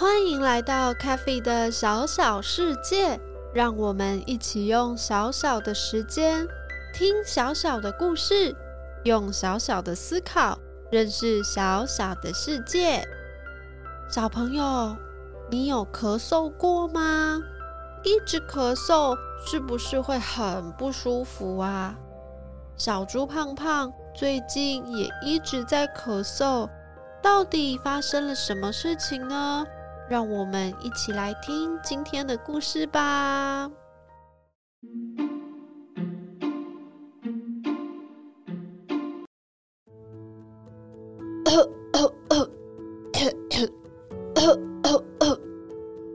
歡迎來到 CaFi 的小小世界，讓我們一起用小小的時間，聽小小的故事，用小小的思考，認識小小的世界。小朋友，你有咳嗽過嗎？一直咳嗽是不是會很不舒服啊？小豬胖胖最近也一直在咳嗽，到底發生了什麼事情呢？讓我們一起來聽今天的故事吧。咳咳咳咳咳咳咳！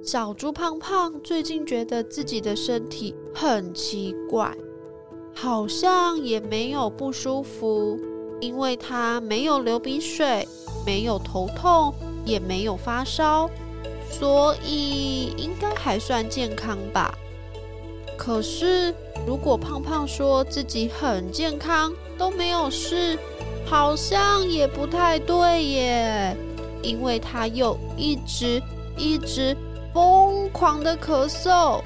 小豬胖胖最近覺得自己的身體很奇怪，好像也沒有不舒服，因為他沒有流鼻水，沒有頭痛，也沒有發燒。所以應該還算健康吧。可是如果胖胖說自己很健康都沒有事，好像也不太對耶，因為他又一直一直瘋狂的咳嗽。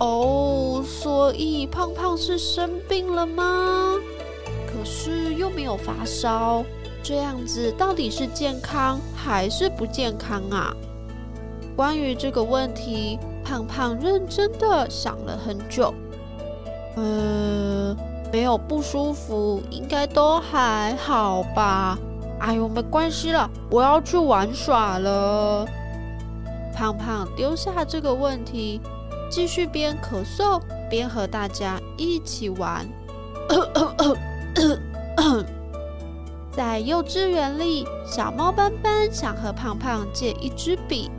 哦， Oh, 所以胖胖是生病了嗎？可是又沒有發燒。這樣子到底是健康還是不健康啊？關於這個問題，胖胖認真的想了很久。嗯、呃，沒有不舒服，應該都還好吧。哎呦，沒關係了，我要去玩耍了。胖胖丟下這個問題，繼續邊咳嗽邊和大家一起玩。咳咳咳咳咳咳在幼稚園裡，小貓笨笨想和胖胖借一支筆。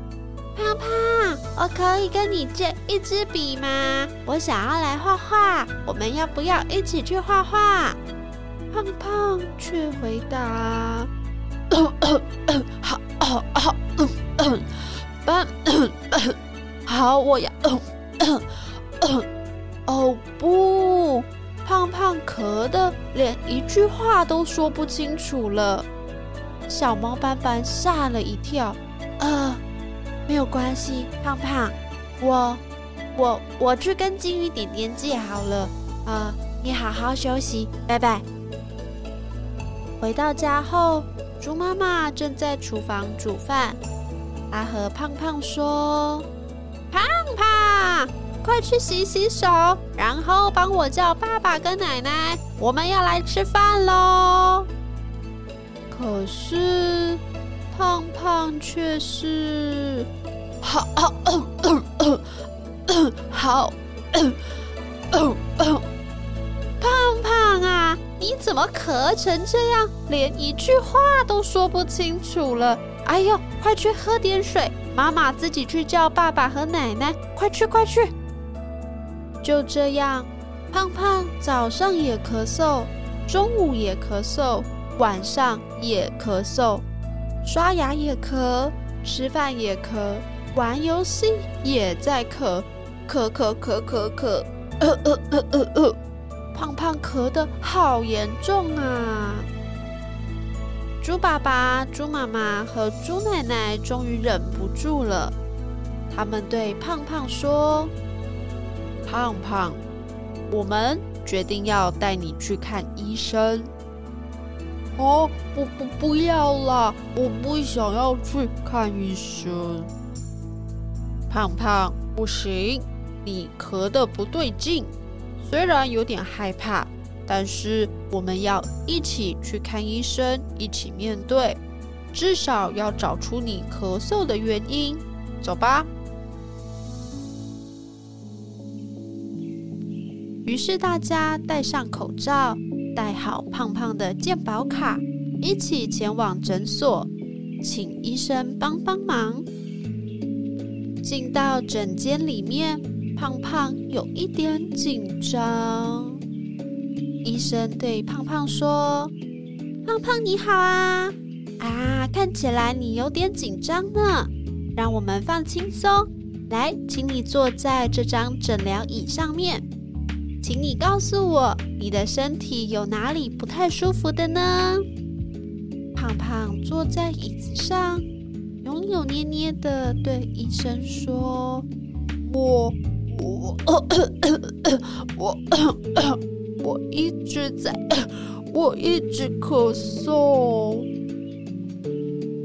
胖胖，我可以跟你借一支筆嗎？我想要來畫畫，我們要不要一起去畫畫？胖胖卻回答： 好，好，好，嗯，嗯，嗯，嗯，好，我要，嗯，嗯，嗯，哦，不。胖胖咳得連一句話都說不清楚了，小貓斑斑嚇了一跳。呃，沒有關係，胖胖，我、我、我去跟金魚點點借好了。呃，你好好休息，拜拜。回到家後，豬媽媽正在廚房煮飯，她和胖胖說：“胖胖。”快去洗洗手，然後幫我叫爸爸跟奶奶，我們要來吃飯嘍。可是胖胖卻是好，好，咳咳咳好咳咳咳。胖胖啊，你怎麼咳成這樣，連一句話都說不清楚了？哎呦，快去喝點水，媽媽自己去叫爸爸和奶奶，快去快去。就這樣，胖胖早上也咳嗽，中午也咳嗽，晚上也咳嗽，刷牙也咳，吃飯也咳，玩遊戲也在咳，咳咳咳咳咳，咳咳咳咳咳，胖胖咳得好嚴重啊！豬爸爸、豬媽媽和豬奶奶終於忍不住了，他們對胖胖說。胖胖，我們決定要帶你去看醫生。哦，不不，不要啦，我不想要去看醫生。胖胖，不行，你咳得不對勁。雖然有點害怕，但是我們要一起去看醫生，一起面對。至少要找出你咳嗽的原因。走吧。於是大家戴上口罩，帶好胖胖的健保卡，一起前往診所，請醫生幫幫忙。進到診間裡面，胖胖有一點緊張。醫生對胖胖說：“胖胖你好啊，啊，看起來你有點緊張呢，讓我們放輕鬆。來，請你坐在這張診療椅上面。”請你告訴我，你的身體有哪裡不太舒服的呢？胖胖坐在椅子上，扭扭捏捏的對醫生說：“嗯、我我咳咳咳咳我咳咳我一直在，我一直咳嗽。”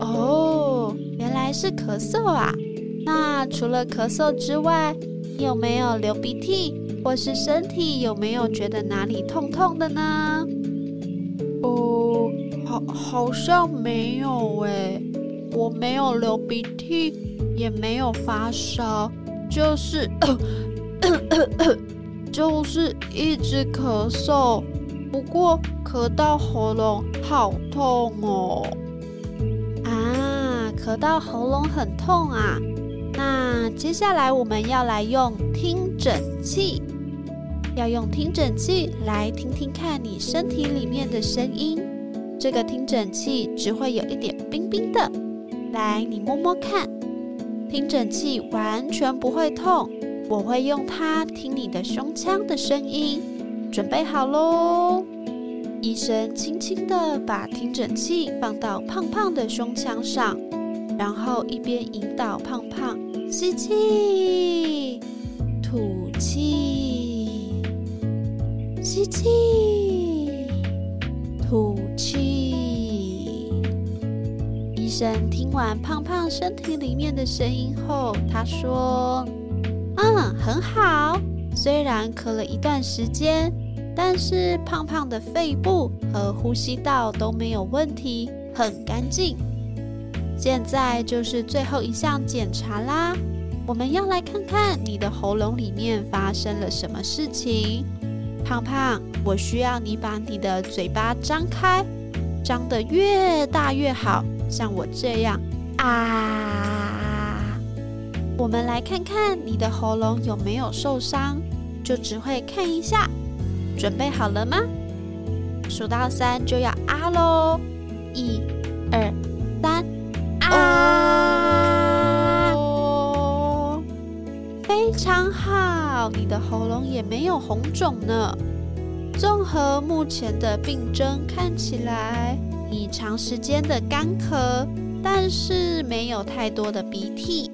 哦，原來是咳嗽啊！那除了咳嗽之外，你有沒有流鼻涕，或是身體有沒有覺得哪裡痛痛的呢？哦、呃，好，好像沒有誒。我沒有流鼻涕，也沒有發燒，就是咳咳咳咳，就是一直咳嗽，不過咳到喉嚨好痛哦。啊，咳到喉嚨很痛啊！那接下來我們要來用聽診器。要用聽診器來聽聽看你身體裡面的聲音。這個聽診器只會有一點冰冰的，來你摸摸看，聽診器完全不會痛。我會用它聽你的胸腔的聲音，準備好嘍！醫生輕輕地把聽診器放到胖胖的胸腔上，然後一邊引導胖胖吸氣、吐氣。吸氣，吐氣。醫生聽完胖胖身體裡面的聲音後，他說：“嗯，很好。雖然咳了一段時間，但是胖胖的肺部和呼吸道都沒有問題，很乾淨。現在就是最後一項檢查啦。我們要來看看你的喉嚨裡面發生了什麼事情。”胖胖，我需要你把你的嘴巴張開，張得越大越好，像我這樣啊！我們來看看你的喉嚨有沒有受傷，就只會看一下。準備好了嗎？數到三就要啊嘍！一、二、三，啊！哦、非常。你的喉嚨也沒有紅腫呢。綜合目前的病症，看起來你長時間的乾咳，但是沒有太多的鼻涕，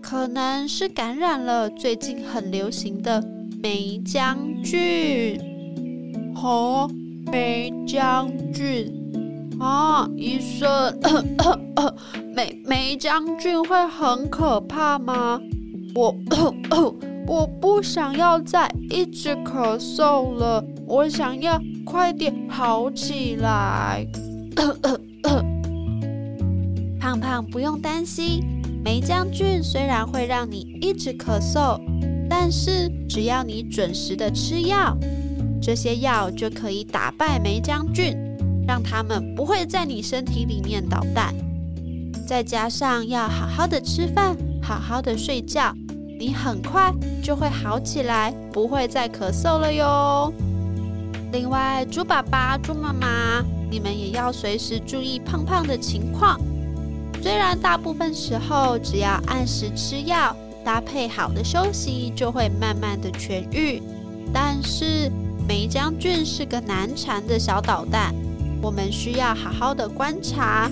可能是感染了最近很流行的黴漿菌。好、哦，黴漿菌啊，醫生，黴、黴漿菌會很可怕嗎？我，咳咳我不想要再一直咳嗽了，我想要快點好起來。 胖胖不用擔心，黴漿菌雖然會讓你一直咳嗽，但是只要你準時的吃藥，這些藥就可以打敗黴漿菌，讓他們不會在你身體裡面搗蛋。再加上要好好的吃飯，好好的睡覺。你很快就會好起來，不會再咳嗽了喲。另外，豬爸爸、豬媽媽，你們也要隨時注意胖胖的情況。雖然大部分時候只要按時吃藥，搭配好的休息，就會慢慢的痊癒。但是黴漿菌是個難纏的小搗蛋，我們需要好好的觀察。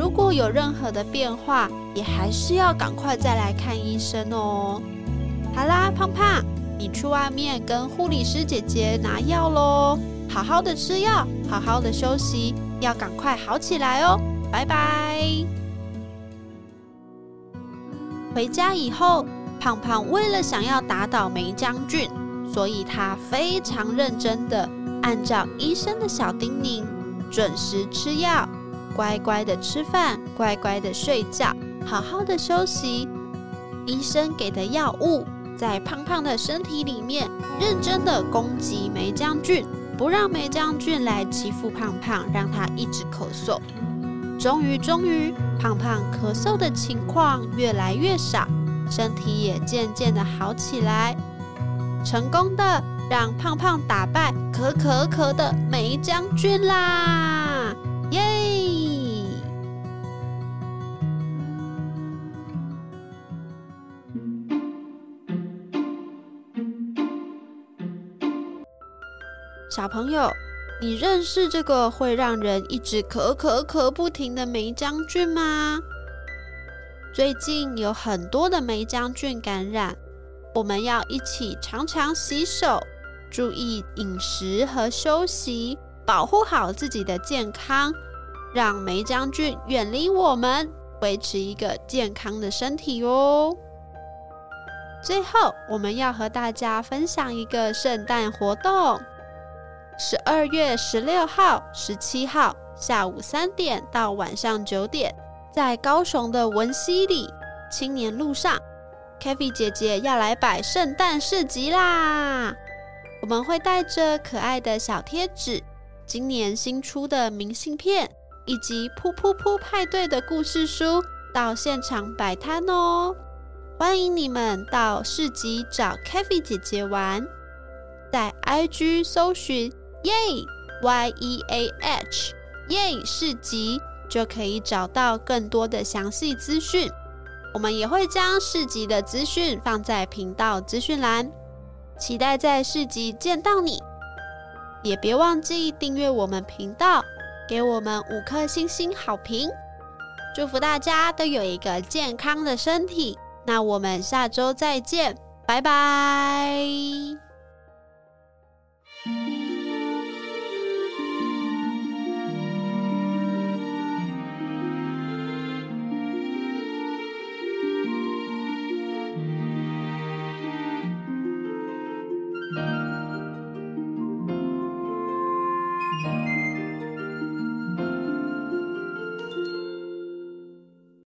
如果有任何的變化，也還是要趕快再來看醫生喔。好啦，胖胖，你去外面跟護理師姐姐拿藥嘍。好好的吃藥，好好的休息，要趕快好起來喔。拜拜。回家以後，胖胖為了想要打倒黴漿菌，所以他非常認真的按照醫生的小叮嚀，準時吃藥。乖乖的吃飯，乖乖的睡覺，好好的休息。醫生給的藥物在胖胖的身體裡面認真的攻擊黴漿菌，不讓黴漿菌來欺負胖胖，讓他一直咳嗽。終於，終於，胖胖咳嗽的情況越來越少，身體也漸漸的好起來，成功的讓胖胖打敗咳咳咳的黴漿菌啦！小朋友，你認識這個會讓人一直咳咳咳不停的黴漿菌嗎？最近有很多的黴漿菌感染，我們要一起常常洗手，注意飲食和休息，保護好自己的健康，讓黴漿菌遠離我們，維持一個健康的身體哦。最後，我們要和大家分享一個聖誕活動。十二月十六號、十七號下午三點到晚上九點，在高雄的文西里青年路上 CaFi 姐姐要來擺聖誕市集啦！我們會帶着可愛的小貼紙、今年新出的明信片以及噗噗噗派對的故事書到現場擺攤哦！歡迎你們到市集找 CaFi 姐姐玩，在 IG 搜尋。Yeah, Y-E-A-H, y、e、a h Yeah, 市集就可以找到更多的詳細資訊。我們也會將市集的資訊放在頻道資訊欄，期待在市集見到你。也別忘記訂閱我們頻道，給我們五顆星星好評。祝福大家都有一個健康的身體。那我們下周再見，拜拜。